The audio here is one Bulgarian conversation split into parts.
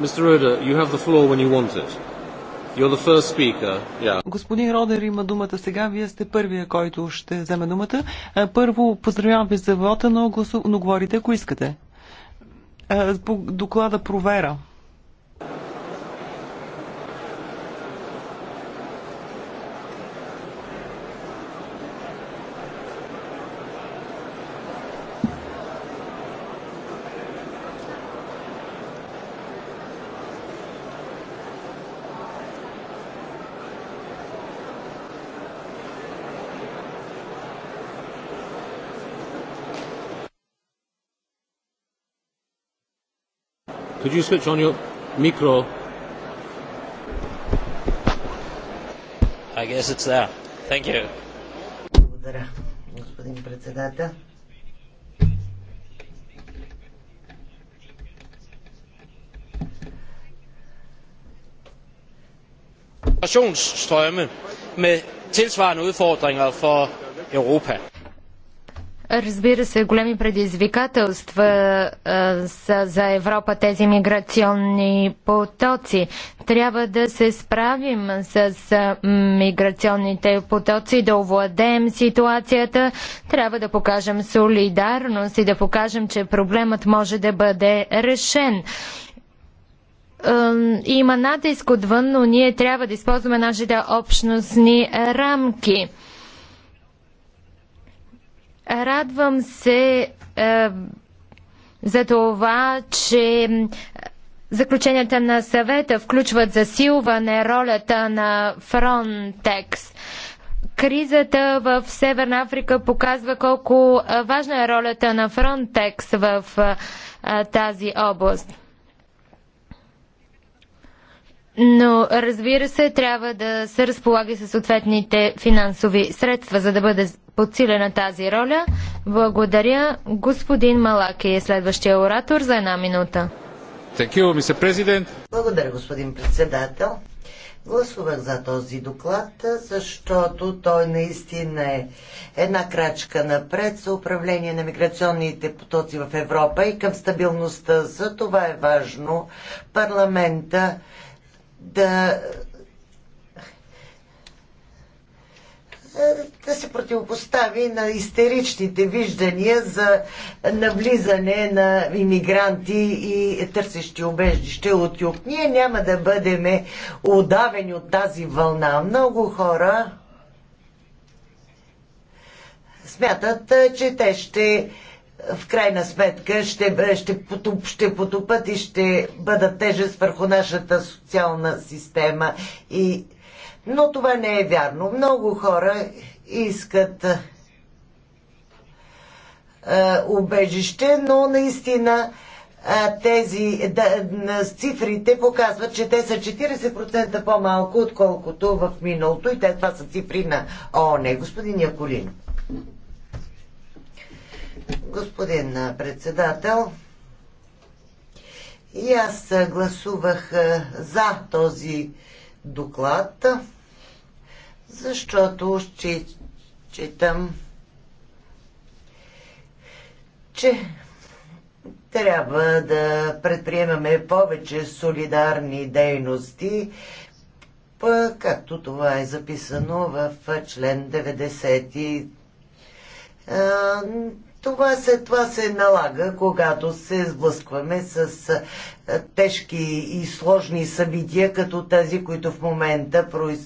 you have the floor when you want it. You're the first speaker. Yeah. Господин Родер има думата сега. Вие сте първия, който ще вземе думата. Първо, поздравявам ви за вота, но, гласу... но говорите, ако искате. доклада провера. Could you switch on your micro? I guess it's there. Thank you. Благодаря, господин председател. migrationsstrømme med tilsvarende udfordringer for Europa. Разбира се, големи предизвикателства а, са за Европа тези миграционни потоци. Трябва да се справим с а, миграционните потоци, да овладеем ситуацията. Трябва да покажем солидарност и да покажем, че проблемът може да бъде решен. А, има натиск отвън, но ние трябва да използваме нашите общностни рамки. Радвам се е, за това, че заключенията на съвета включват засилване ролята на Фронтекс. Кризата в Северна Африка показва колко важна е ролята на Фронтекс в е, тази област но разбира се, трябва да се разполага с съответните финансови средства, за да бъде подсилена тази роля. Благодаря. Господин Малаки е следващия оратор за една минута. президент. Благодаря, господин председател. Гласувах за този доклад, защото той наистина е една крачка напред за управление на миграционните потоци в Европа и към стабилността. За това е важно парламента да да се противопостави на истеричните виждания за навлизане на иммигранти и търсещи убежище от юг. Ние няма да бъдем удавени от тази вълна. Много хора смятат, че те ще в крайна сметка ще, ще, потуп, ще потупат и ще бъдат тежест върху нашата социална система. И... Но това не е вярно. Много хора искат е, убежище, но наистина е, тези да, цифрите показват, че те са 40% по-малко, отколкото в миналото и те това са цифри на ООН. Господин Яколин. Господин председател, и аз гласувах за този доклад, защото считам, читам, че трябва да предприемаме повече солидарни дейности, както това е записано в член 90 това се, това се налага, когато се сблъскваме с тежки и сложни събития, като тези, които в момента произ...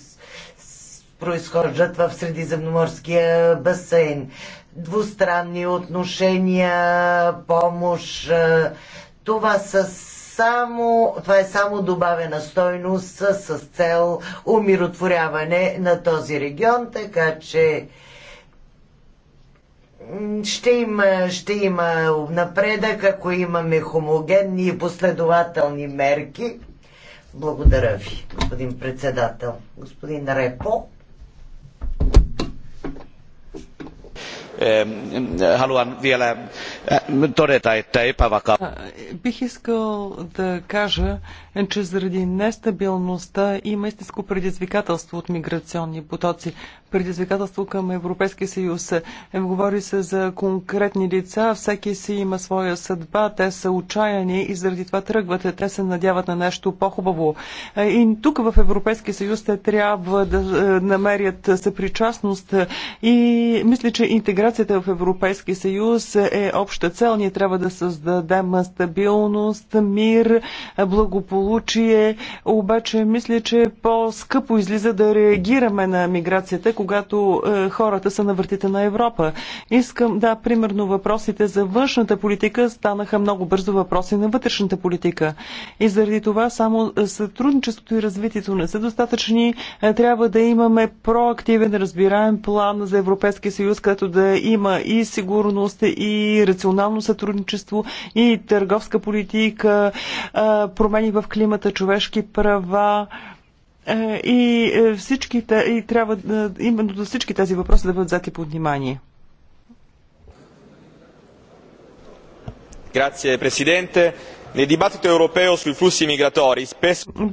произхождат в Средиземноморския басейн. Двустранни отношения, помощ, това са само, това е само добавена стойност с цел умиротворяване на този регион, така че ще има, ще има напредък, ако имаме хомогенни и последователни мерки. Благодаря ви, господин председател. Господин Репо. haluan vielä todeta, että epävakaa... Бих искал да кажа, че заради нестабилността има истинско предизвикателство от миграционни потоци предизвикателство към Европейския съюз. Е, говори се за конкретни лица, всеки си има своя съдба, те са отчаяни и заради това тръгват, те се надяват на нещо по-хубаво. Е, и тук в Европейския съюз те трябва да е, намерят съпричастност и мисля, че интеграцията в Европейския съюз е обща цел. Ние трябва да създадем стабилност, мир, благополучие, обаче мисля, че по-скъпо излиза да реагираме на миграцията, когато е, хората са на въртите на Европа. Искам, да, примерно въпросите за външната политика станаха много бързо въпроси на вътрешната политика. И заради това само е, сътрудничеството и развитието не са достатъчни. Е, трябва да имаме проактивен, разбираем план за Европейския съюз, като да има и сигурност, и рационално сътрудничество, и търговска политика, е, промени в климата, човешки права. Е, и, е, всички, и трябва е, именно до всички тези въпроси да бъдат взети под внимание. Grazie Presidente.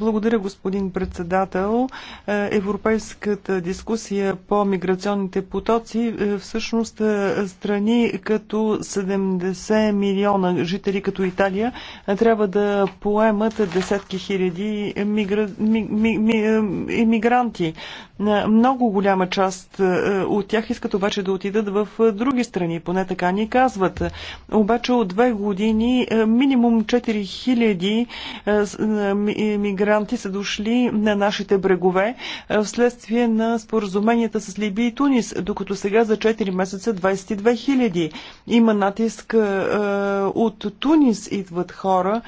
Благодаря, господин председател. Е, европейската дискусия по миграционните потоци е, всъщност е, страни като 70 милиона жители като Италия трябва да поемат десетки хиляди иммигранти. Много голяма част е, от тях искат обаче да отидат в е, други страни, поне така ни казват. Обаче от две години е, минимум 4000 мигранти са дошли на нашите брегове вследствие на споразуменията с Либия и Тунис, докато сега за 4 месеца 22 000. Има натиск от Тунис идват хора,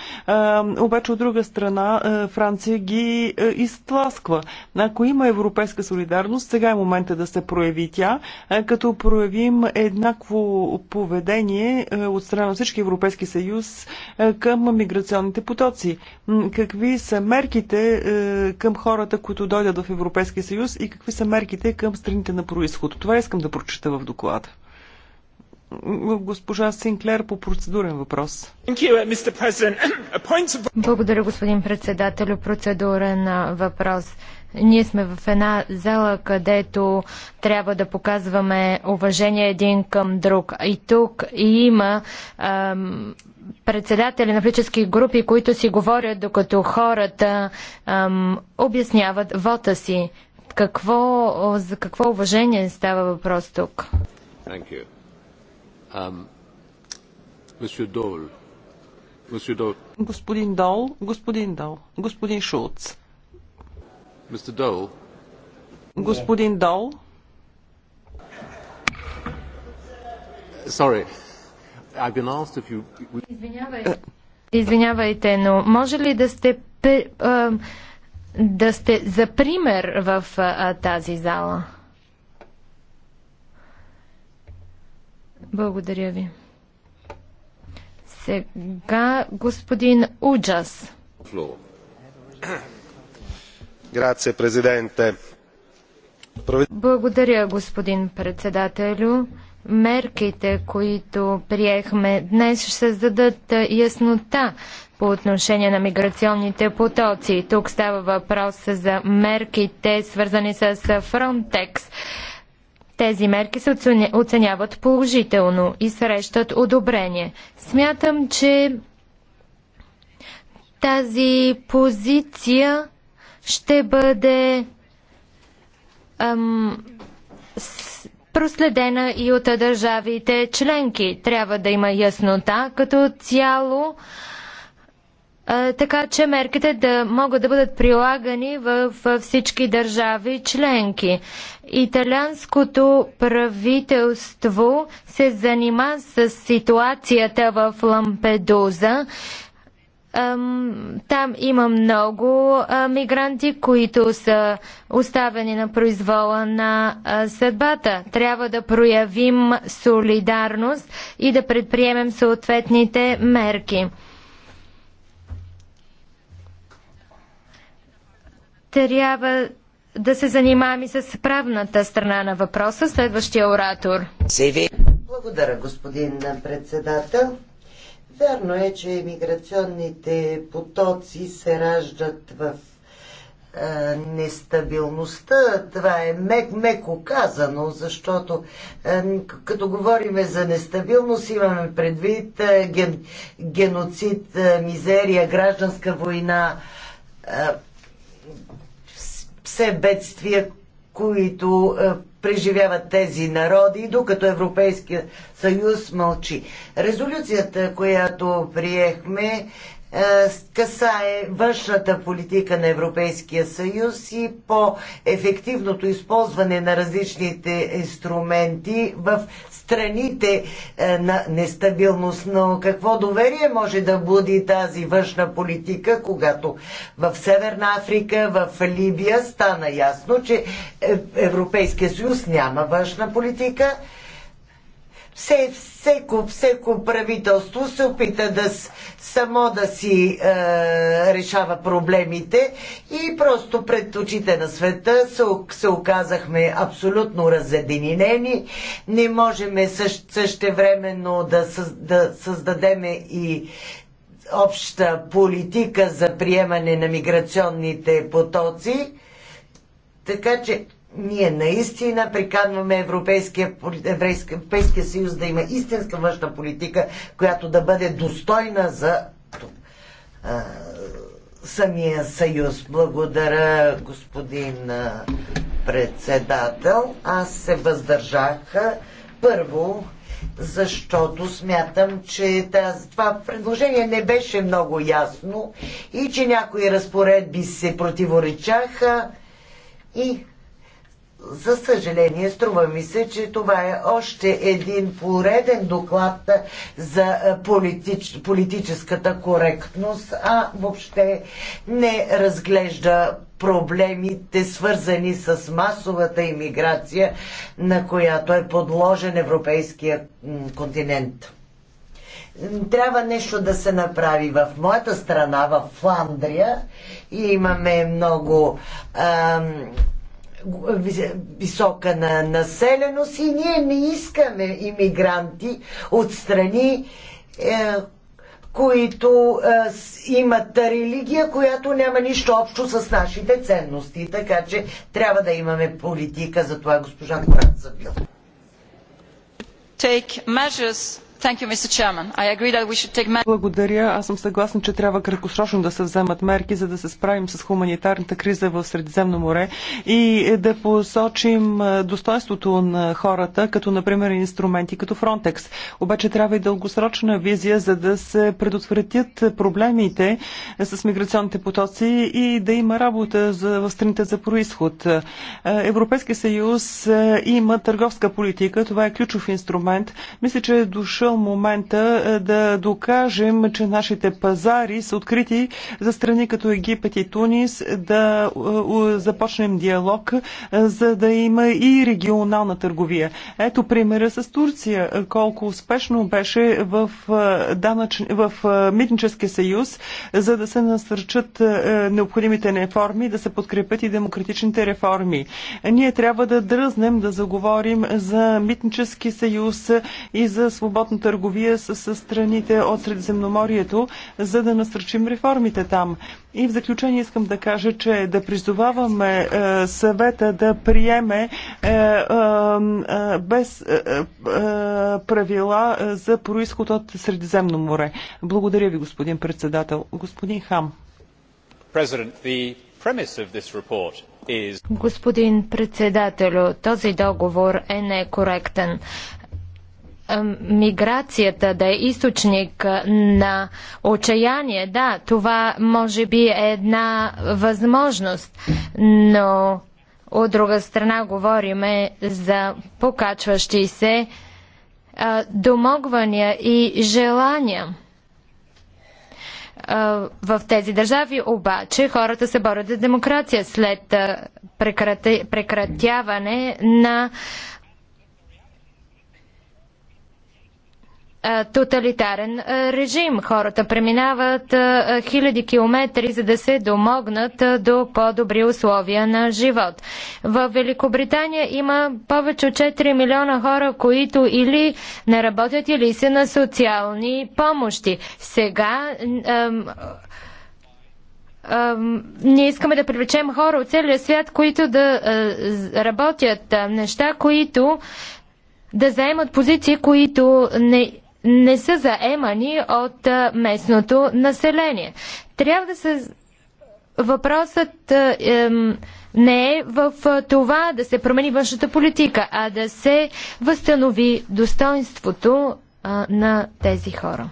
обаче от друга страна Франция ги изтласква. Ако има европейска европейска солидарност. Сега е момента да се прояви тя, е, като проявим еднакво поведение е, от страна на всички Европейски съюз е, към миграционните потоци. Какви са мерките към хората, които дойдат в Европейския съюз и какви са мерките към страните на происход? Това искам да прочета в доклада госпожа Синклер по процедурен въпрос. Uh, Благодаря, господин председател. Процедурен въпрос. Ние сме в една зала, където трябва да показваме уважение един към друг. И тук има ам, председатели на политически групи, които си говорят, докато хората ам, обясняват вота си. Какво, за какво уважение става въпрос тук? Um, Господин Дол, господин Дол, господин Шулц. Господин Дол. Извинявайте. Извинявайте, но може ли да сте, да сте за пример в тази зала? Благодаря ви. Сега господин Уджас. Floor. Благодаря, господин председателю. Мерките, които приехме днес, ще създадат яснота по отношение на миграционните потоци. Тук става въпрос за мерките, свързани с Frontex. Тези мерки се оценяват положително и срещат одобрение. Смятам, че тази позиция ще бъде ам, с, проследена и от държавите членки. Трябва да има яснота като цяло, а, така че мерките да могат да бъдат прилагани в, в всички държави членки. Италианското правителство се занима с ситуацията в Лампедуза там има много мигранти, които са оставени на произвола на съдбата. Трябва да проявим солидарност и да предприемем съответните мерки. Трябва да се занимаваме с правната страна на въпроса. Следващия оратор. Благодаря, господин председател. Вярно е, че емиграционните потоци се раждат в е, нестабилността. Това е мек, меко казано, защото е, като говорим за нестабилност, имаме предвид е, ген, геноцид, е, мизерия, гражданска война, все бедствия, които е, преживяват тези народи, докато Европейския съюз мълчи. Резолюцията, която приехме, е, касае външната политика на Европейския съюз и по ефективното използване на различните инструменти в страните е, на нестабилност. Но какво доверие може да буди тази външна политика, когато в Северна Африка, в Либия стана ясно, че е, Европейския съюз няма външна политика, все, всеко, всеко правителство се опита да само да си е, решава проблемите и просто пред очите на света се, се оказахме абсолютно разединени. Не можем същ, същевременно да, съз, да създадеме и обща политика за приемане на миграционните потоци. Така че ние наистина приканваме Европейския, Европейския съюз да има истинска външна политика, която да бъде достойна за а, самия съюз. Благодаря, господин а, председател. Аз се въздържах първо, защото смятам, че тази, това предложение не беше много ясно и че някои разпоредби се противоречаха и за съжаление, струва ми се, че това е още един пореден доклад за политич, политическата коректност, а въобще не разглежда проблемите, свързани с масовата иммиграция, на която е подложен европейския континент. Трябва нещо да се направи в моята страна, в Фландрия. И имаме много. Ам, висока на населеност и ние не искаме иммигранти от страни, е, които е, имат религия, която няма нищо общо с нашите ценности. Така че трябва да имаме политика за това, госпожа Куранцъбил. Take measures благодаря. Аз съм съгласна, че трябва краткосрочно да се вземат мерки, за да се справим с хуманитарната криза в Средиземно море и да посочим достоинството на хората, като например инструменти като Frontex. Обаче трябва и дългосрочна визия, за да се предотвратят проблемите с миграционните потоци и да има работа за, в страните за происход. Европейския съюз има търговска политика. Това е ключов инструмент. Мисля, че е дошъл дошъл момента е, да докажем, че нашите пазари са открити за страни като Египет и Тунис, да е, започнем диалог, е, за да има и регионална търговия. Ето примера с Турция, колко успешно беше в, данъч... в Митническия съюз, за да се насърчат необходимите реформи, да се подкрепят и демократичните реформи. Ние трябва да дръзнем да заговорим за Митнически съюз и за свободната търговия с, с страните от Средиземноморието, за да насърчим реформите там. И в заключение искам да кажа, че да призоваваме е, съвета да приеме е, е, е без е, е, е правила е, за происход от Средиземно море. Благодаря ви, господин председател. Господин Хам. Господин председател, този договор е некоректен. Е, миграцията да е източник е, на отчаяние, да, това може би е една възможност, но от друга страна говориме за покачващи се е, домогвания и желания. в тези държави обаче хората се борят за демокрация след прекратяване на Е, тоталитарен е, режим. Хората преминават е, хиляди километри, за да се домогнат до по-добри условия на живот. В Великобритания има повече от 4 милиона хора, които или не работят, или са на социални помощи. Сега ние искаме да привлечем хора от целия свят, които да работят неща, които да заемат позиции, които не не са заемани от местното население. Трябва да се. Въпросът е, не е в това да се промени външната политика, а да се възстанови достоинството е, на тези хора.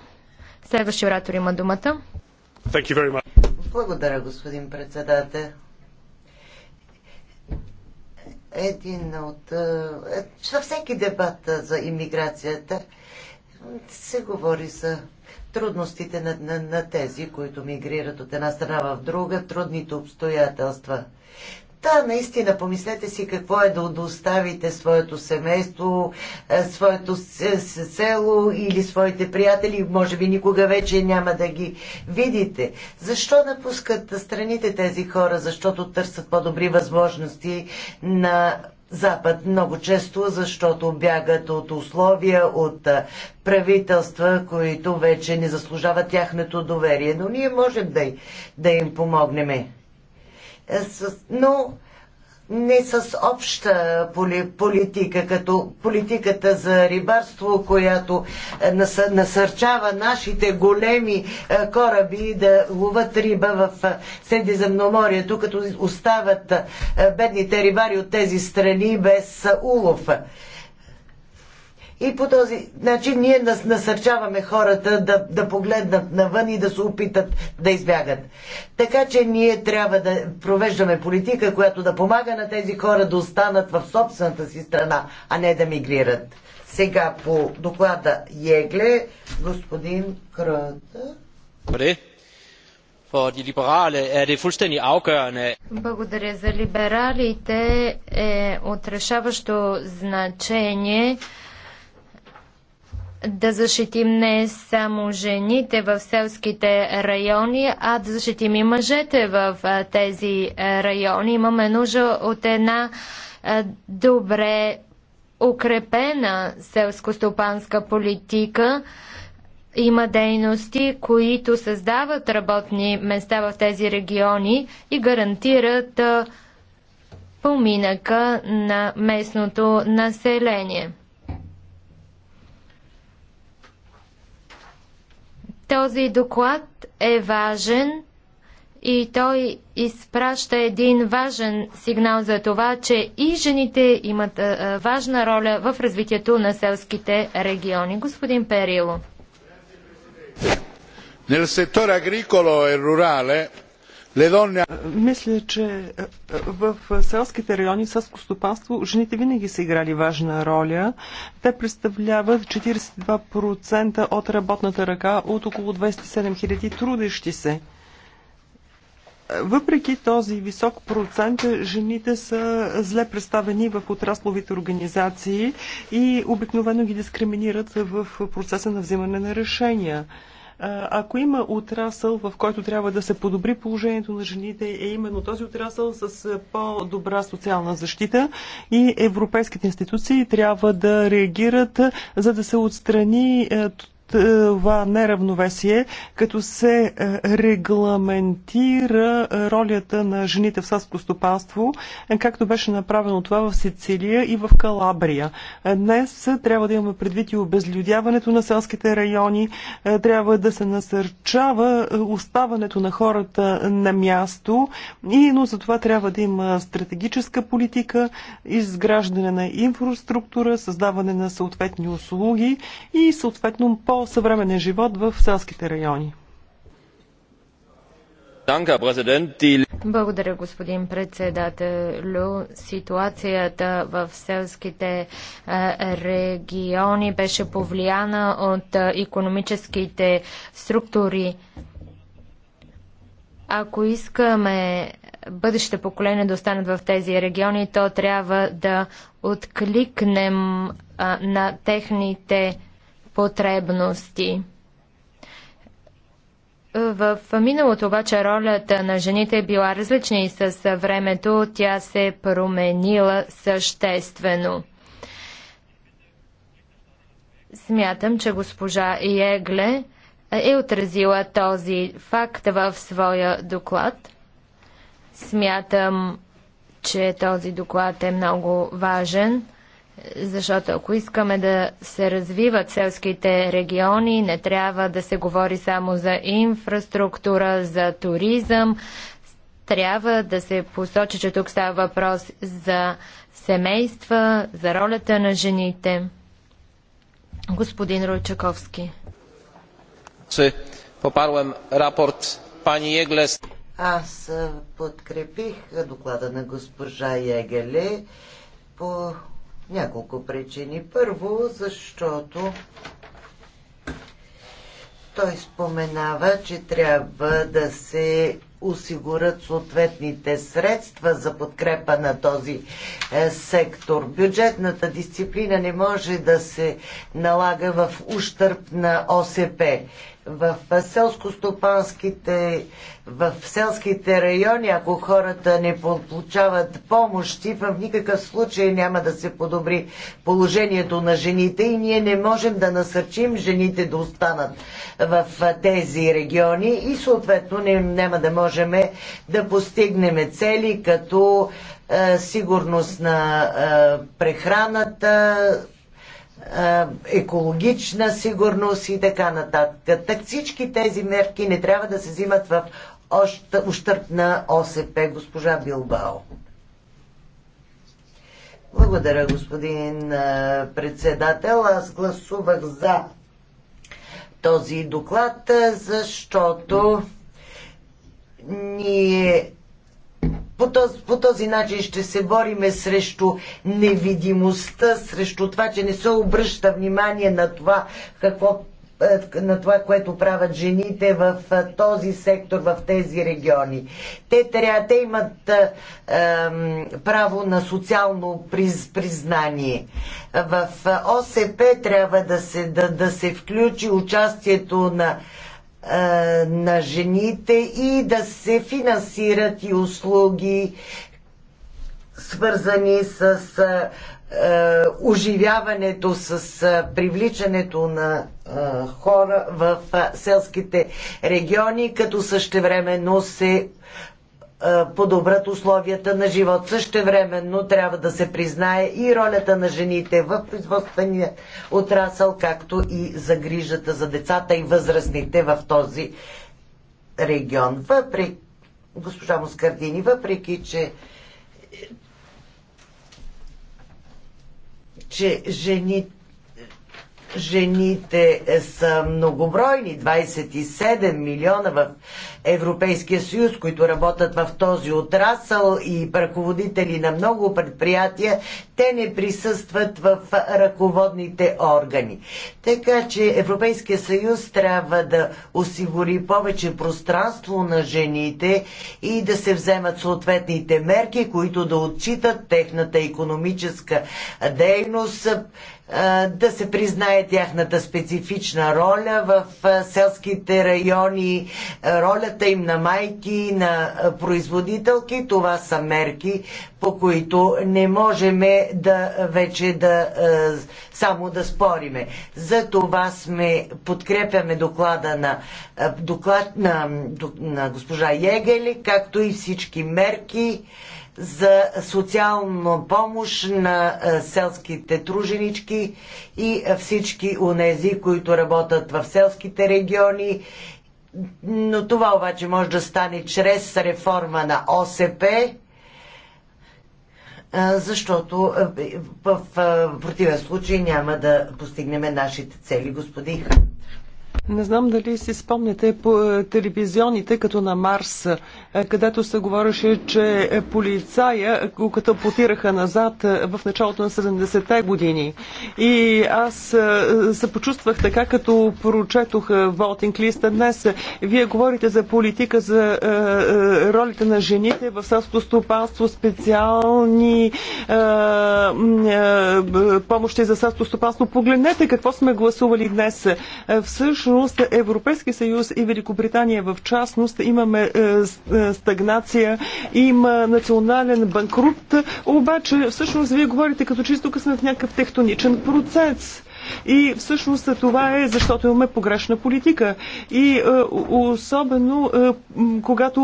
Следващия оратор има думата. Благодаря, господин председател един от... Във е, всеки дебат за иммиграцията се говори за трудностите на, на, на тези, които мигрират от една страна в друга, трудните обстоятелства. Да, наистина, помислете си какво е да, доставите своето семейство, е, своето село или своите приятели, може би никога вече няма да ги видите. Защо напускат страните тези хора? Защото търсят по-добри възможности на Запад много често, защото бягат от условия, от правителства, които вече не заслужават тяхното доверие. Но ние можем да, да им помогнем. Е, но не с обща политика, като политиката за рибарство, която е, насърчава нашите големи е, кораби да ловат риба в е, Средиземноморието, като остават бедните рибари от тези страни без улов. И по този начин ние нас насърчаваме хората да, да погледнат навън и да се опитат да избягат. Така че ние трябва да провеждаме политика, която да помага на тези хора да останат в собствената си страна, а не да мигрират. Сега по доклада Егле, господин Кръта. Добре. For de liberale er det fuldstændig afgørende. Благодаря за либералите е от решаващо значение да защитим не само жените в селските райони, а да защитим и мъжете в тези райони. Имаме нужда от една добре укрепена селско-стопанска политика. Има дейности, които създават работни места в тези региони и гарантират поминъка на местното население. Този доклад е важен и той изпраща един важен сигнал за това, че и жените имат важна роля в развитието на селските региони. Господин Перило. Nel settore agricolo e rurale мисля, че в селските райони, с селско стопанство, жените винаги са играли важна роля. Те представляват 42% от работната ръка от около 27 000 трудещи се. Въпреки този висок процент, жените са зле представени в отрасловите организации и обикновено ги дискриминират в процеса на взимане на решения. Ако има отрасъл, в който трябва да се подобри положението на жените, е именно този отрасъл с по-добра социална защита и европейските институции трябва да реагират, за да се отстрани това неравновесие, като се е, регламентира е, ролята на жените в селско стопанство, е, както беше направено това в Сицилия и в Калабрия. Днес трябва да имаме предвид и обезлюдяването на селските райони, трябва да се насърчава оставането на хората на място, и, но за това трябва да има стратегическа политика, изграждане на инфраструктура, създаване на съответни услуги и съответно по по-съвременен живот в селските райони. Благодаря, господин председател. Ситуацията в селските региони беше повлияна от економическите структури. Ако искаме бъдещите поколения да останат в тези региони, то трябва да откликнем на техните потребности. В миналото обаче ролята на жените е била различна и с времето тя се променила съществено. Смятам, че госпожа Егле е отразила този факт в своя доклад. Смятам, че този доклад е много важен. Защото ако искаме да се развиват селските региони, не трябва да се говори само за инфраструктура, за туризъм. Трябва да се посочи, че тук става въпрос за семейства, за ролята на жените. Господин Ройчаковски. Попарвам рапорт пани Еглес. Аз подкрепих доклада на госпожа Егеле по няколко причини. Първо, защото той споменава, че трябва да се осигурят съответните средства за подкрепа на този е, сектор. Бюджетната дисциплина не може да се налага в ущърп на ОСП в селско-стопанските, в селските райони, ако хората не получават помощи, в никакъв случай няма да се подобри положението на жените и ние не можем да насърчим жените да останат в тези региони и съответно няма да можем да постигнем цели като е, сигурност на е, прехраната, екологична сигурност и така нататък. Так всички тези мерки не трябва да се взимат в ущърп на ОСП, госпожа Билбао. Благодаря, господин председател. Аз гласувах за този доклад, защото ние по този, по този начин ще се бориме срещу невидимостта, срещу това, че не се обръща внимание на това какво е, на това, което правят жените в е, този сектор, в тези региони. Те, трябва, те имат е, право на социално приз, признание. В е, ОСП трябва да се, да, да се включи участието на на жените и да се финансират и услуги, свързани с оживяването, с привличането на хора в селските региони, като същевременно се е, подобрят условията на живот. Същевременно трябва да се признае и ролята на жените в производствения отрасъл, както и за грижата за децата и възрастните в този регион. Въпреки, госпожа Москардини, въпреки, че че жените жените е, са многобройни, 27 милиона в Европейския съюз, които работят в този отрасъл и ръководители на много предприятия, те не присъстват в ръководните органи. Така че Европейския съюз трябва да осигури повече пространство на жените и да се вземат съответните мерки, които да отчитат техната економическа дейност, да се признае тяхната специфична роля в селските райони, ролята им на майки, на производителки. Това са мерки, по които не можем да вече да само да спориме. За това сме подкрепяме доклада на, доклад, на, на госпожа Егели, както и всички мерки, за социална помощ на селските труженички и всички унези, които работят в селските региони. Но това обаче може да стане чрез реформа на ОСП, защото в противен случай няма да постигнем нашите цели, господин Хан. Не знам дали си спомняте по е, телевизионите като на Марс, е, където се говореше, че е, полицая го катапотираха назад в началото на 70-те години. И аз се почувствах така, като прочетох Волтинг листа днес. Вие говорите за политика, за ролите на жените в селското стопанство, специални помощи за селското стопанство. Погледнете какво сме гласували днес. Всъщност всъщност Европейски съюз и Великобритания в частност имаме е, е, стагнация, има национален банкрут, обаче всъщност вие говорите като чисто късмет някакъв тектоничен процес. И всъщност това е защото имаме погрешна политика. И е, особено е, когато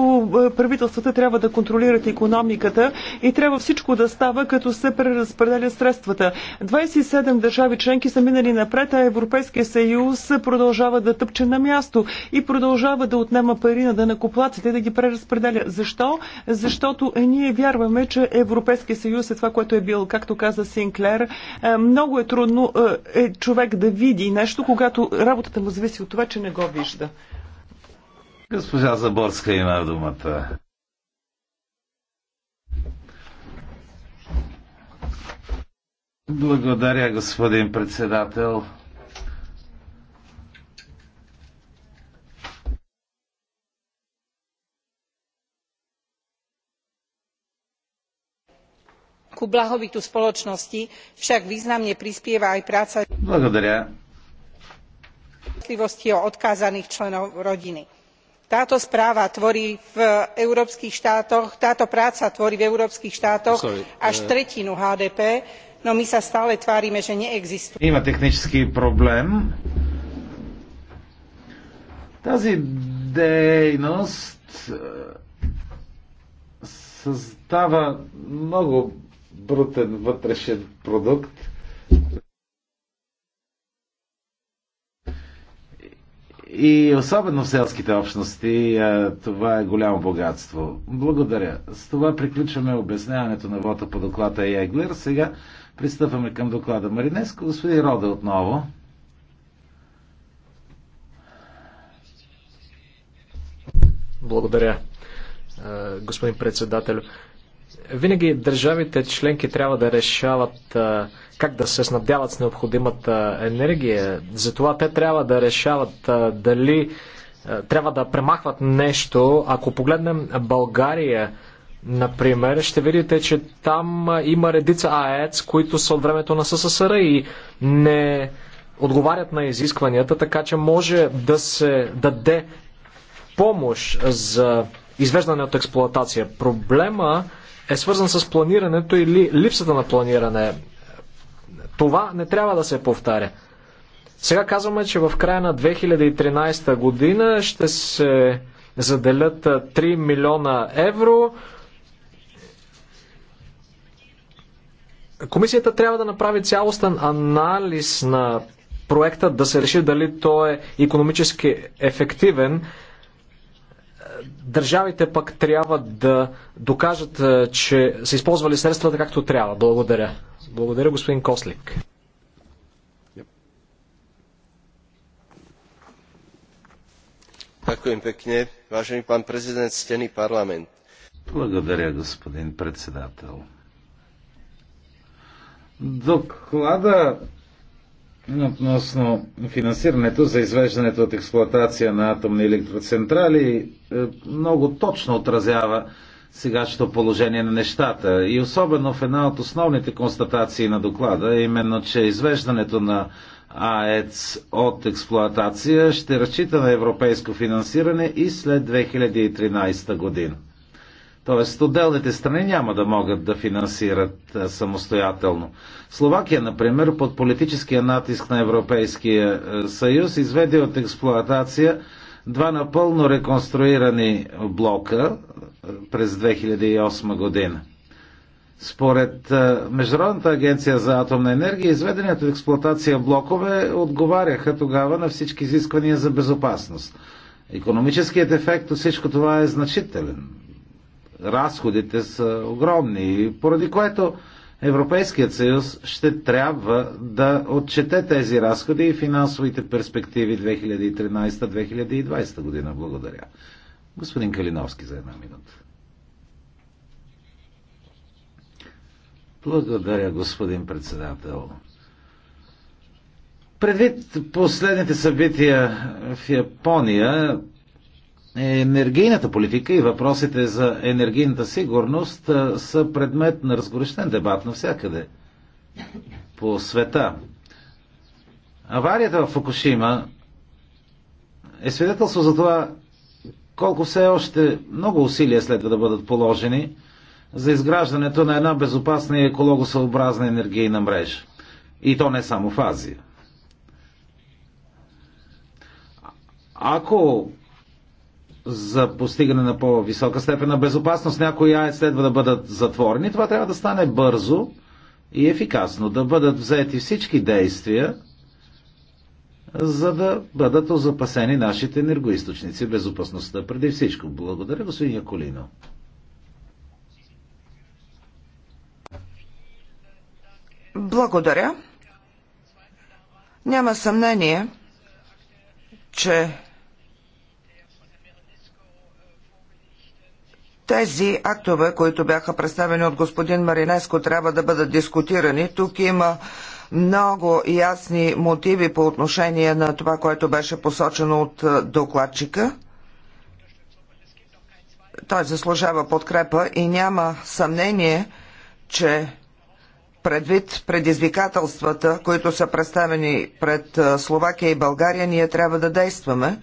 е, правителствата трябва да контролират економиката и трябва всичко да става, като се преразпределят средствата. 27 държави членки са минали напред, а Европейския съюз продължава да тъпче на място и продължава да отнема пари на дънакоплаците да ги преразпределя. Защо? Защото ние вярваме, че Европейския съюз е това, което е бил, както каза Синклер. Много е трудно. Е, човек да види нещо, когато работата му зависи от това, че не го вижда. Госпожа Заборска има думата. Благодаря, господин председател. ku blahobytu spoločnosti však významne prispieva aj práca starostlivosti o odkázaných členov rodiny. táto práca tvorí v európskych štátoch až tretinu hdp no my sa stále tvárime že neexistuje. има технически проблем. Тази дейност създава брутен вътрешен продукт. И особено в селските общности е, това е голямо богатство. Благодаря. С това приключваме обясняването на вота по доклада Еглер. Сега пристъпваме към доклада Маринеско. Господин Роде отново. Благодаря, е, господин председател. Винаги държавите членки трябва да решават как да се снабдяват с необходимата енергия. Затова те трябва да решават дали трябва да премахват нещо. Ако погледнем България, например, ще видите, че там има редица АЕЦ, които са от времето на СССР и не отговарят на изискванията, така че може да се даде помощ за извеждане от експлоатация. Проблема е свързан с планирането или липсата на планиране. Това не трябва да се повтаря. Сега казваме, че в края на 2013 година ще се заделят 3 милиона евро. Комисията трябва да направи цялостен анализ на проекта, да се реши дали той е економически ефективен Държавите пък трябва да докажат, е, че са използвали средствата както трябва. Благодаря. Благодаря, господин Кослик. Благодаря, господин председател. Доклада относно финансирането за извеждането от експлоатация на атомни електроцентрали е, много точно отразява сегашното положение на нещата. И особено в една от основните констатации на доклада, е именно, че извеждането на АЕЦ от експлоатация ще разчита на европейско финансиране и след 2013 година. Тоест, отделните страни няма да могат да финансират самостоятелно. Словакия, например, под политическия натиск на Европейския съюз изведе от експлоатация два напълно реконструирани блока през 2008 година. Според Международната агенция за атомна енергия, изведеният от експлоатация блокове отговаряха тогава на всички изисквания за безопасност. Економическият ефект от всичко това е значителен разходите са огромни, поради което Европейският съюз ще трябва да отчете тези разходи и финансовите перспективи 2013-2020 година. Благодаря. Господин Калиновски за една минута. Благодаря, господин председател. Предвид последните събития в Япония, енергийната политика и въпросите за енергийната сигурност са предмет на разгорещен дебат навсякъде по света. Аварията в Фукушима е свидетелство за това колко все още много усилия следва да бъдат положени за изграждането на една безопасна и екологосъобразна енергийна мрежа. И то не само в Азия. Ако за постигане на по-висока степен на безопасност. Някои яйца следва да бъдат затворени. Това трябва да стане бързо и ефикасно. Да бъдат взети всички действия, за да бъдат озапасени нашите енергоисточници, безопасността преди всичко. Благодаря, господин Яколино. Благодаря. Няма съмнение, че Тези актове, които бяха представени от господин Маринеско, трябва да бъдат дискутирани. Тук има много ясни мотиви по отношение на това, което беше посочено от е, докладчика. Той заслужава подкрепа и няма съмнение, че предвид предизвикателствата, които са представени пред е, Словакия и България, ние трябва да действаме.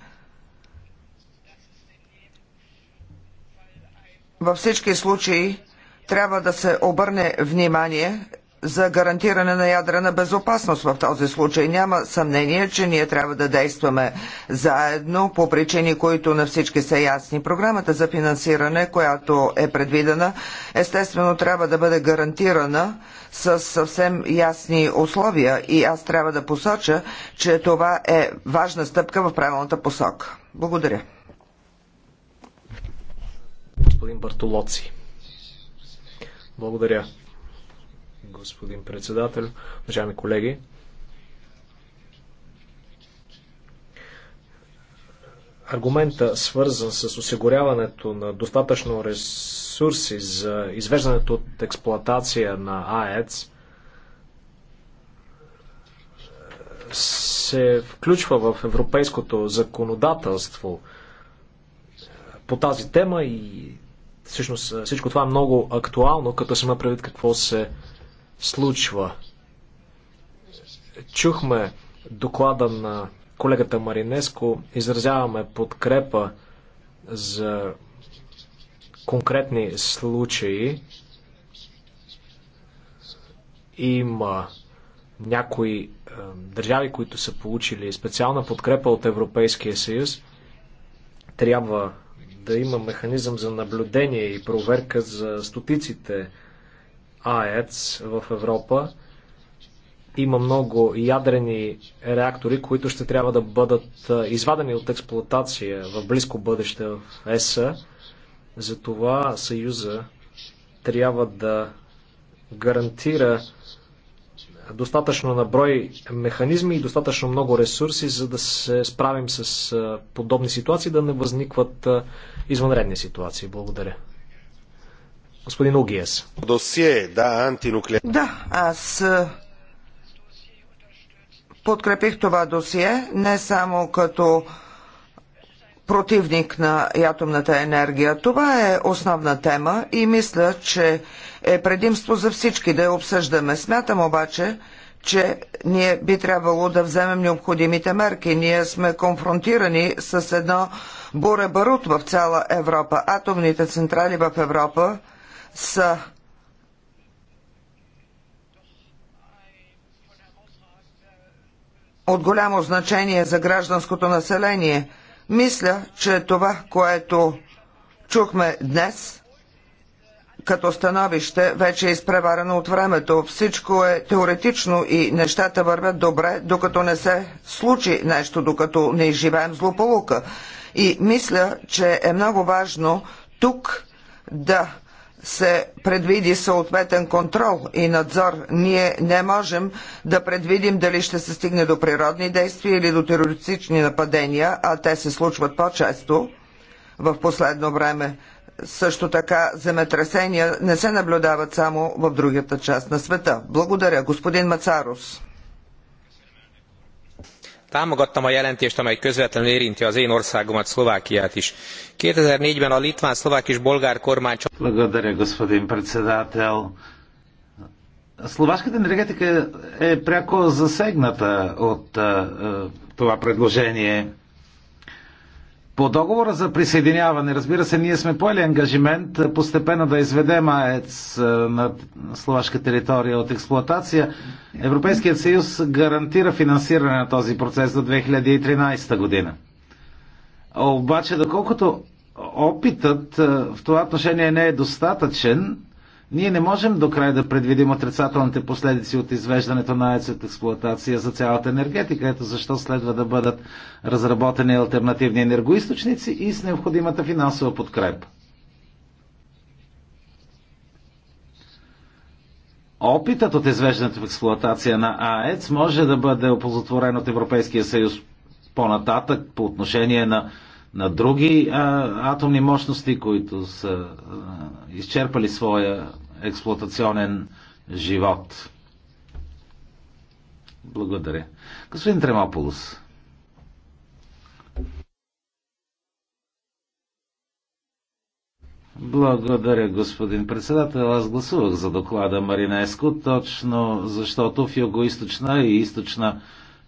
Във всички случаи трябва да се обърне внимание за гарантиране на ядрена безопасност в този случай. Няма съмнение, че ние трябва да действаме заедно по причини, които на всички са ясни. Програмата за финансиране, която е предвидена, естествено трябва да бъде гарантирана с съвсем ясни условия и аз трябва да посоча, че това е важна стъпка в правилната посока. Благодаря. Господин Бартолоци. Благодаря, господин председател. Уважаеми колеги, аргумента, свързан с осигуряването на достатъчно ресурси за извеждането от експлоатация на АЕЦ, се включва в европейското законодателство – по тази тема и всъщност всичко това е много актуално, като се направи какво се случва. Чухме доклада на колегата Маринеско, изразяваме подкрепа за конкретни случаи. Има някои е, държави, които са получили специална подкрепа от Европейския съюз. Трябва да има механизъм за наблюдение и проверка за стотиците АЕЦ в Европа. Има много ядрени реактори, които ще трябва да бъдат извадени от експлуатация в близко бъдеще в ЕСА. Затова Съюза трябва да гарантира достатъчно наброй механизми и достатъчно много ресурси, за да се справим с подобни ситуации, да не възникват извънредни ситуации. Благодаря. Господин Огиес. Досие, да, антинуклеар. Да, аз подкрепих това досие не само като противник на атомната енергия. Това е основна тема и мисля, че е предимство за всички да я обсъждаме. Смятам обаче, че ние би трябвало да вземем необходимите мерки. Ние сме конфронтирани с едно буре барут в цяла Европа. Атомните централи в Европа са от голямо значение за гражданското население – мисля, че това, което чухме днес, като становище, вече е изпреварено от времето. Всичко е теоретично и нещата вървят добре, докато не се случи нещо, докато не изживеем злополука. И мисля, че е много важно тук да се предвиди съответен контрол и надзор. Ние не можем да предвидим дали ще се стигне до природни действия или до терористични нападения, а те се случват по-често в последно време. Също така земетресения не се наблюдават само в другата част на света. Благодаря, господин Мацарус támogattam a jelentést amely közvetlenül érinti az én országomat szlovákiát is. two thousand and four ben a litván szlovák és bolgár kormány. Словашката енергетика е пряко засегната от това предложение. По договора за присъединяване, разбира се, ние сме поели ангажимент постепенно да изведем АЕЦ на словашка територия от експлоатация. Европейският съюз гарантира финансиране на този процес до 2013 година. Обаче, доколкото опитът в това отношение не е достатъчен, ние не можем до край да предвидим отрицателните последици от извеждането на АЕЦ от експлуатация за цялата енергетика. Ето защо следва да бъдат разработени альтернативни енергоисточници и с необходимата финансова подкрепа. Опитът от извеждането в експлуатация на АЕЦ може да бъде оползотворен от Европейския съюз по-нататък по отношение на на други а, атомни мощности, които са а, изчерпали своя експлуатационен живот. Благодаря. Господин Тремополос. Благодаря, господин председател. Аз гласувах за доклада Маринеско, точно защото в Юго-Источна и Източна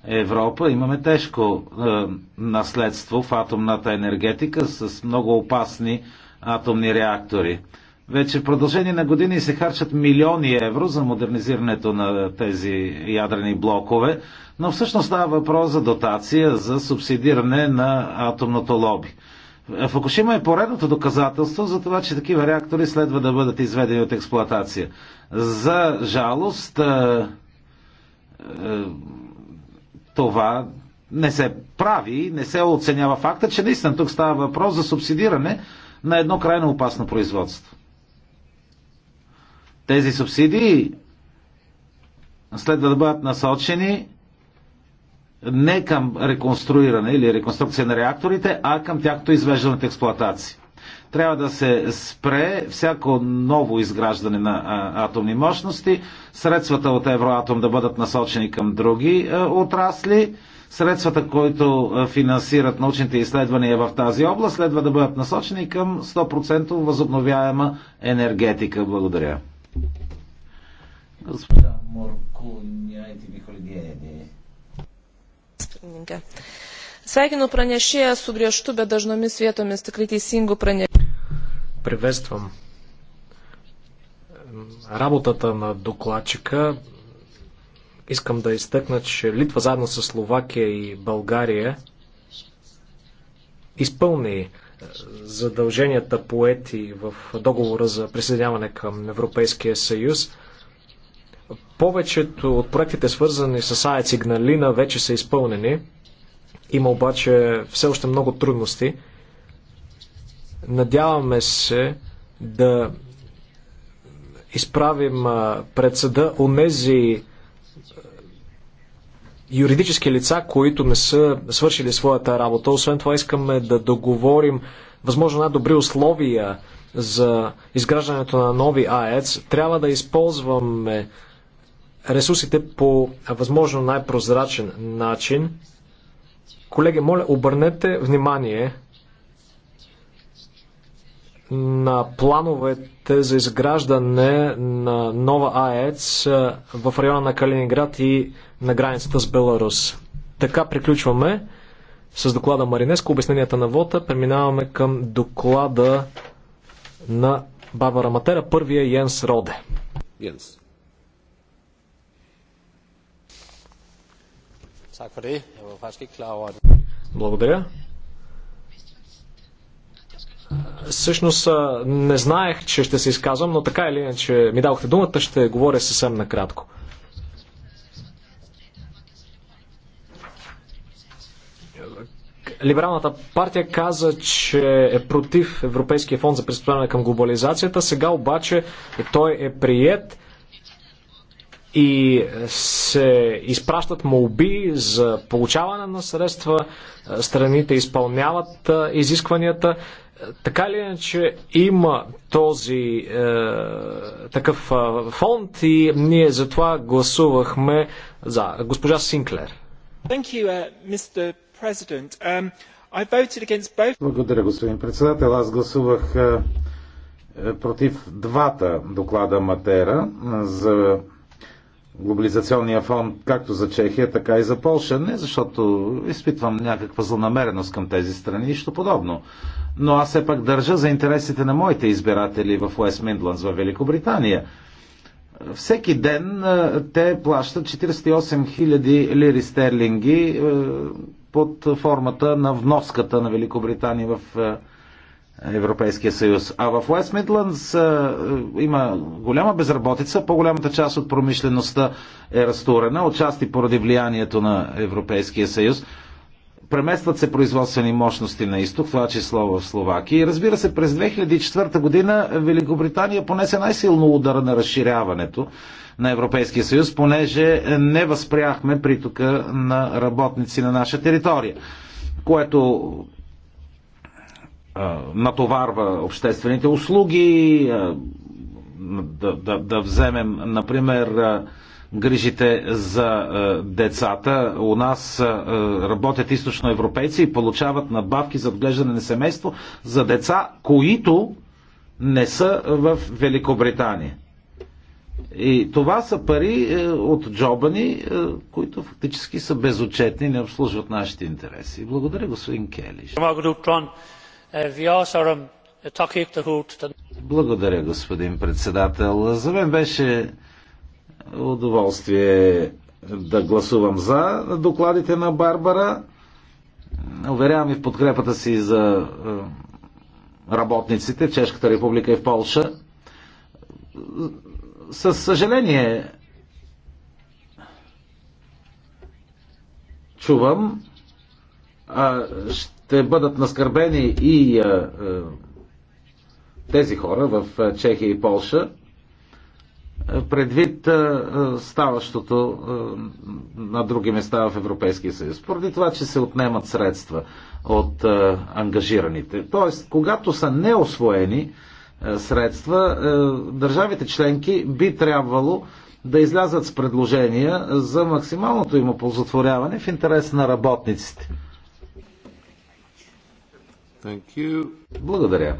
Европа имаме тежко е, наследство в атомната енергетика с много опасни атомни реактори. Вече в продължение на години се харчат милиони евро за модернизирането на тези ядрени блокове, но всъщност става въпрос за дотация, за субсидиране на атомното лоби. Фукушима е поредното доказателство за това, че такива реактори следва да бъдат изведени от експлоатация. За жалост, е, е, това не се прави, не се оценява факта, че наистина тук става въпрос за субсидиране на едно крайно опасно производство. Тези субсидии следва да бъдат насочени не към реконструиране или реконструкция на реакторите, а към тяхното извеждане от експлоатация. Трябва да се спре всяко ново изграждане на атомни мощности, средствата от Евроатом да бъдат насочени към други отрасли, средствата, които финансират научните изследвания в тази област, следва да бъдат насочени към 100% възобновяема енергетика. Благодаря. Господа Morkūnaitė Mikulėnienė. Sveikinu pranešėją su griežtu, bet dažnomis vietomis tikrai teisingu pranešimu. Приветствам работата на докладчика. Искам да изтъкна, че Литва заедно с Словакия и България изпълни е, задълженията поети в договора за присъединяване към Европейския съюз. Повечето от проектите, свързани с АЕЦ Игналина, вече са изпълнени. Има обаче все още много трудности – Надяваме се да изправим пред съда онези юридически лица, които не са свършили своята работа. Освен това искаме да договорим възможно най-добри условия за изграждането на нови АЕЦ. Трябва да използваме ресурсите по възможно най-прозрачен начин. Колеги, моля, обърнете внимание на плановете за изграждане на нова АЕЦ в района на Калининград и на границата с Беларус. Така приключваме с доклада Маринеско, обясненията на вота. Преминаваме към доклада на Барбара Матера, първия е Йенс Роде. Йенс. Благодаря. Всъщност не знаех, че ще се изказвам, но така или иначе ми дадохте думата, ще говоря съвсем накратко. Либералната партия каза, че е против Европейския фонд за приспособяване към глобализацията. Сега обаче той е прият и се изпращат молби за получаване на средства, страните изпълняват изискванията. Така ли е, че има този е, такъв е, фонд и ние затова гласувахме за госпожа Синклер? Uh, um, Благодаря, господин председател. Аз гласувах е, е, против двата доклада Матера за глобализационния фонд както за Чехия, така и за Польша. Не защото изпитвам някаква злонамереност към тези страни, нищо подобно. Но аз все пак държа за интересите на моите избиратели в Уест Мидландс, в Великобритания. Всеки ден те плащат 48 000 лири стерлинги под формата на вноската на Великобритания в Европейския съюз. А в Уест Мидландс е, има голяма безработица, по-голямата част от промишлеността е разтурена, отчасти поради влиянието на Европейския съюз. Преместват се производствени мощности на изток, това число в Словакия. И разбира се, през 2004 година Великобритания понесе най-силно удара на разширяването на Европейския съюз, понеже не възпряхме притока на работници на наша територия, което натоварва обществените услуги, да, да, да вземем, например, грижите за децата. У нас работят източноевропейци и получават надбавки за отглеждане на семейство за деца, които не са в Великобритания. И това са пари е, от джобани, е, които фактически са безотчетни и не обслужват нашите интереси. Благодаря, господин Келиш. Uh, um, Благодаря, господин председател. За мен беше удоволствие да гласувам за докладите на Барбара. Уверявам и в подкрепата си за е, работниците в Чешката република и в Полша. Със съжаление чувам, а, ще ще бъдат наскърбени и е, е, тези хора в е, Чехия и Полша, предвид ставащото на други места в Европейския съюз, поради това, че се отнемат средства от ангажираните. Тоест, когато са неосвоени средства, държавите членки би трябвало да излязат с предложения за максималното им оползотворяване в интерес на работниците. Благодаря.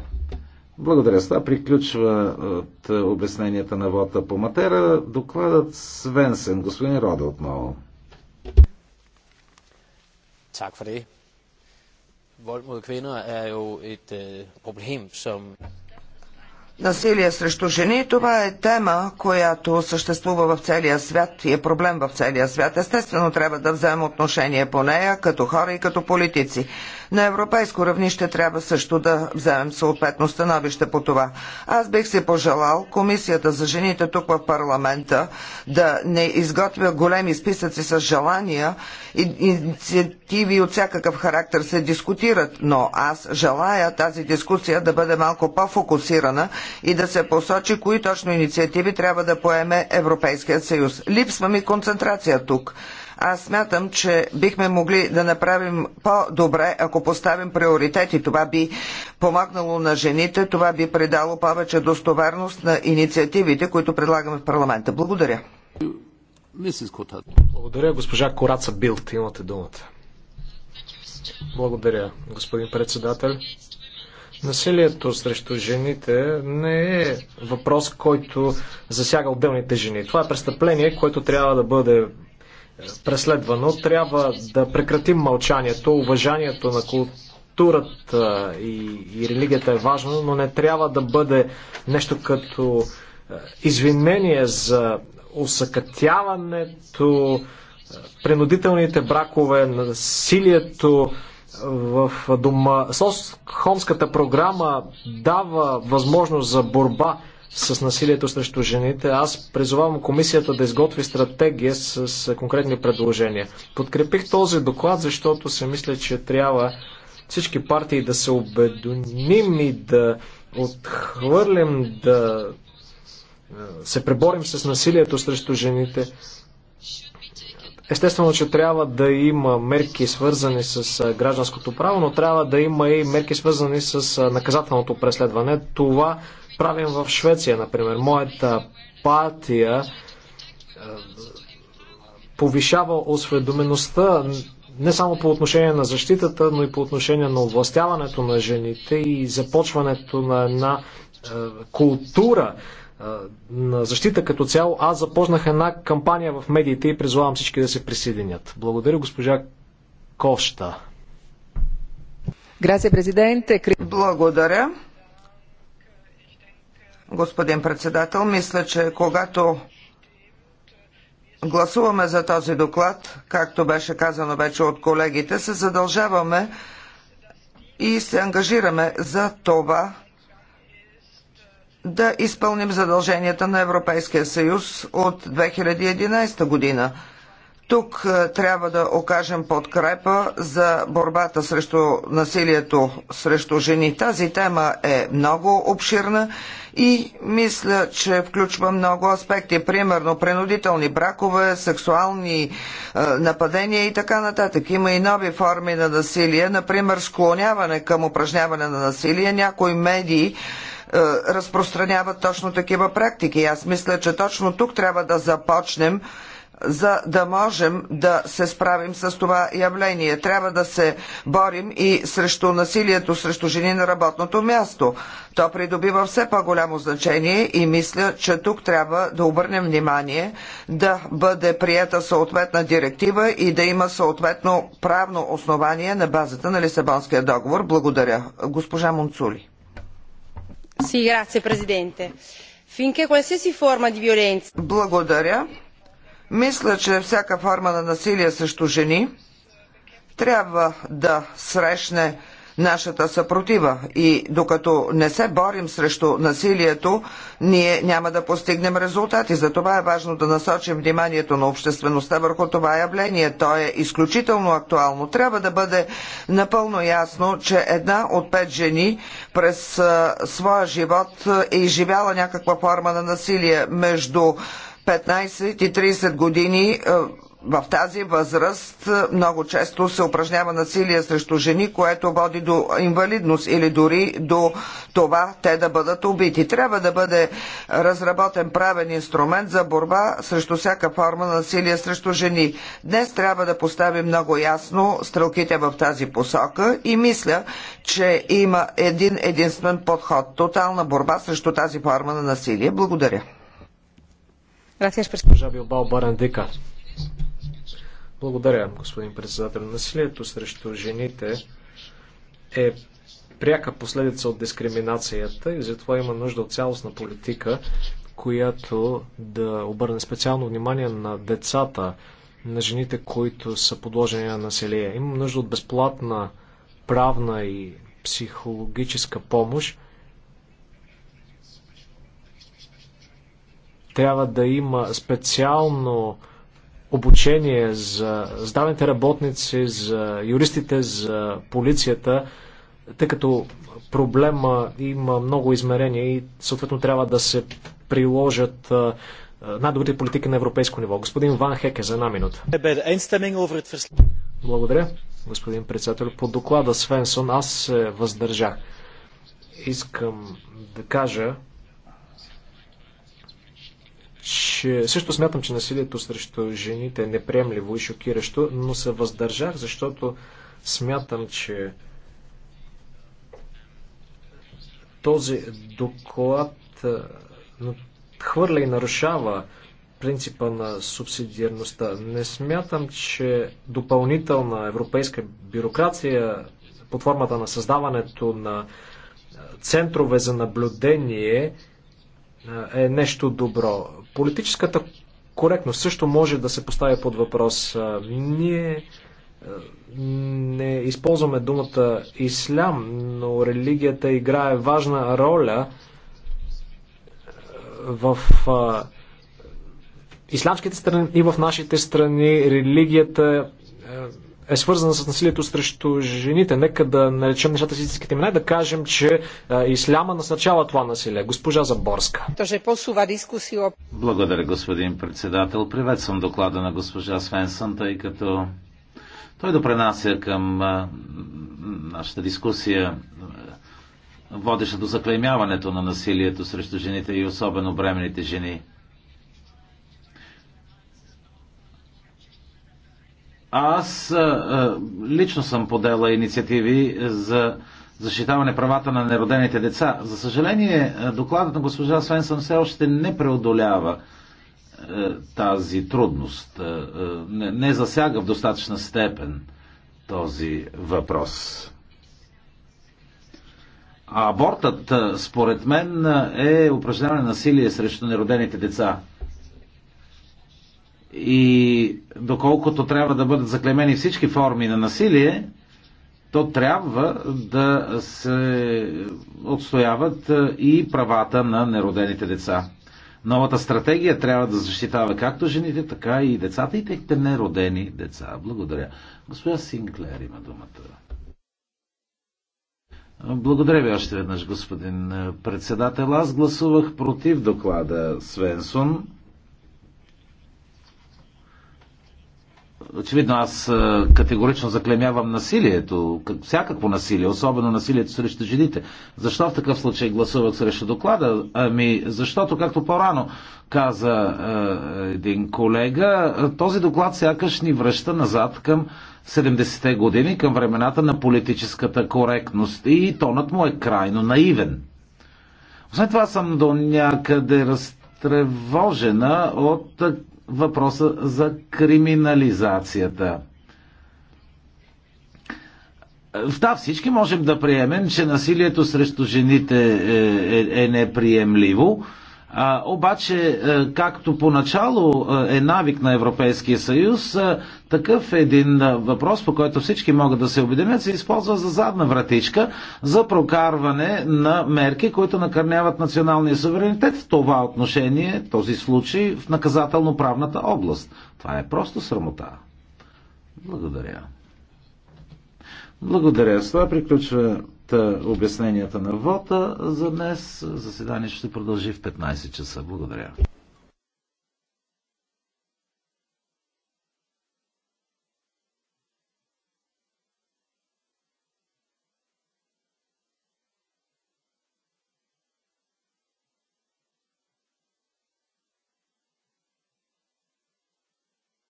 Благодаря. С това приключва е, от е, обясненията на вота по матера. Докладът Свенсен. Господин Рода отново. for det. mod kvinder er jo et øh, som... Насилие срещу жени, това е тема, която съществува в целия свят и е проблем в целия свят. Естествено, трябва да вземем отношение по нея, като хора и като политици. На европейско равнище трябва също да вземем съответно становище по това. Аз бих си пожелал Комисията за жените тук в парламента да не изготвя големи списъци с желания. и Инициативи от всякакъв характер се дискутират, но аз желая тази дискусия да бъде малко по-фокусирана и да се посочи кои точно инициативи трябва да поеме Европейският съюз. Липсва ми концентрация тук. Аз смятам, че бихме могли да направим по-добре, ако поставим приоритети. Това би помогнало на жените, това би придало повече достоверност на инициативите, които предлагаме в парламента. Благодаря. Благодаря, госпожа Кораца Билт. Имате думата. Благодаря, господин председател. Насилието срещу жените не е въпрос, който засяга отделните жени. Това е престъпление, което трябва да бъде преследвано. Трябва да прекратим мълчанието. Уважанието на културата и, и религията е важно, но не трябва да бъде нещо като е, извинение за усъкътяването, е, принудителните бракове, насилието в дома. Сосхомската програма дава възможност за борба с насилието срещу жените, аз призовавам комисията да изготви стратегия с, с конкретни предложения. Подкрепих този доклад, защото се мисля, че трябва всички партии да се обедоним и да отхвърлим, да е, се преборим с насилието срещу жените. Естествено, че трябва да има мерки свързани с е, гражданското право, но трябва да има и мерки свързани с е, наказателното преследване. Това правим в Швеция, например. Моята партия е, повишава осведомеността не само по отношение на защитата, но и по отношение на овластяването на жените и започването на една е, култура е, на защита като цяло. Аз започнах една кампания в медиите и призвавам всички да се присъединят. Благодаря, госпожа Кошта. Благодаря господин председател. Мисля, че когато гласуваме за този доклад, както беше казано вече от колегите, се задължаваме и се ангажираме за това да изпълним задълженията на Европейския съюз от 2011 година. Тук е, трябва да окажем подкрепа за борбата срещу насилието срещу жени. Тази тема е много обширна и мисля, че включва много аспекти, примерно принудителни бракове, сексуални е, нападения и така нататък. Има и нови форми на насилие, например склоняване към упражняване на насилие. Някои медии е, разпространяват точно такива практики. Аз мисля, че точно тук трябва да започнем за да можем да се справим с това явление. Трябва да се борим и срещу насилието срещу жени на работното място. То придобива все по-голямо значение и мисля, че тук трябва да обърнем внимание да бъде приета съответна директива и да има съответно правно основание на базата на Лисабонския договор. Благодаря. Госпожа Монцули. Благодаря. Мисля, че всяка форма на насилие срещу жени трябва да срещне нашата съпротива и докато не се борим срещу насилието, ние няма да постигнем резултати. Затова е важно да насочим вниманието на обществеността върху това явление. То е изключително актуално. Трябва да бъде напълно ясно, че една от пет жени през своя живот е изживяла някаква форма на насилие между 15 и 30 години е, в тази възраст е, много често се упражнява насилие срещу жени, което води до инвалидност или дори до това те да бъдат убити. Трябва да бъде разработен правен инструмент за борба срещу всяка форма на насилие срещу жени. Днес трябва да поставим много ясно стрелките в тази посока и мисля, че има един единствен подход – тотална борба срещу тази форма на насилие. Благодаря. Благодаря, господин председател. Насилието срещу жените е пряка последица от дискриминацията и затова има нужда от цялостна политика, която да обърне специално внимание на децата, на жените, които са подложени на насилие. Има нужда от безплатна правна и психологическа помощ. Трябва да има специално обучение за здравните работници, за юристите, за полицията, тъй като проблема има много измерения и съответно трябва да се приложат най-добрите политики на европейско ниво. Господин Ван Хеке, за една минута. Благодаря, господин председател. По доклада Свенсон аз се въздържах. Искам да кажа, че също смятам, че насилието срещу жените е неприемливо и шокиращо, но се въздържах, защото смятам, че този доклад хвърля и нарушава принципа на субсидиарността. Не смятам, че допълнителна европейска бюрокрация под формата на създаването на центрове за наблюдение е нещо добро. Политическата коректност също може да се поставя под въпрос. Ние не използваме думата ислям, но религията играе важна роля в ислямските страни и в нашите страни. Религията е свързана с насилието срещу жените. Нека да наречем нещата с истинските имена и да кажем, че исляма насърчава това насилие. Госпожа Заборска. Благодаря, господин председател. Приветствам доклада на госпожа Свенсън, тъй като той допренася към нашата дискусия, водеща до заклеймяването на насилието срещу жените и особено бременните жени. Аз лично съм подела инициативи за защитаване правата на неродените деца. За съжаление, докладът на госпожа Свенсън все още не преодолява тази трудност. Не, не засяга в достатъчна степен този въпрос. А абортът, според мен, е упражняване на насилие срещу неродените деца и доколкото трябва да бъдат заклемени всички форми на насилие, то трябва да се отстояват е, и правата на неродените деца. Новата стратегия трябва да защитава както жените, така и децата и техните неродени деца. Благодаря. Госпожа Синклер има думата. Благодаря ви още веднъж, господин е, председател. Аз гласувах против доклада Свенсон Очевидно аз е, категорично заклемявам насилието, всякакво насилие, особено насилието срещу жените. Защо в такъв случай гласувах срещу доклада? Ами, защото, както по-рано каза е, един колега, е, този доклад сякаш ни връща назад към 70-те години, към времената на политическата коректност. И тонът му е крайно наивен. Освен това съм до някъде разтревожена от въпроса за криминализацията. Е, да, всички можем да приемем, че насилието срещу жените е, е, е неприемливо, а, обаче, е, както поначало е, е навик на Европейския съюз, е, такъв един въпрос, по който всички могат да се обединят, се използва за задна вратичка за прокарване на мерки, които накърняват националния суверенитет в това отношение, този случай в наказателно-правната област. Това е просто срамота. Благодаря. Благодаря. С това приключва обясненията на вота за днес. Заседанието ще продължи в 15 часа. Благодаря.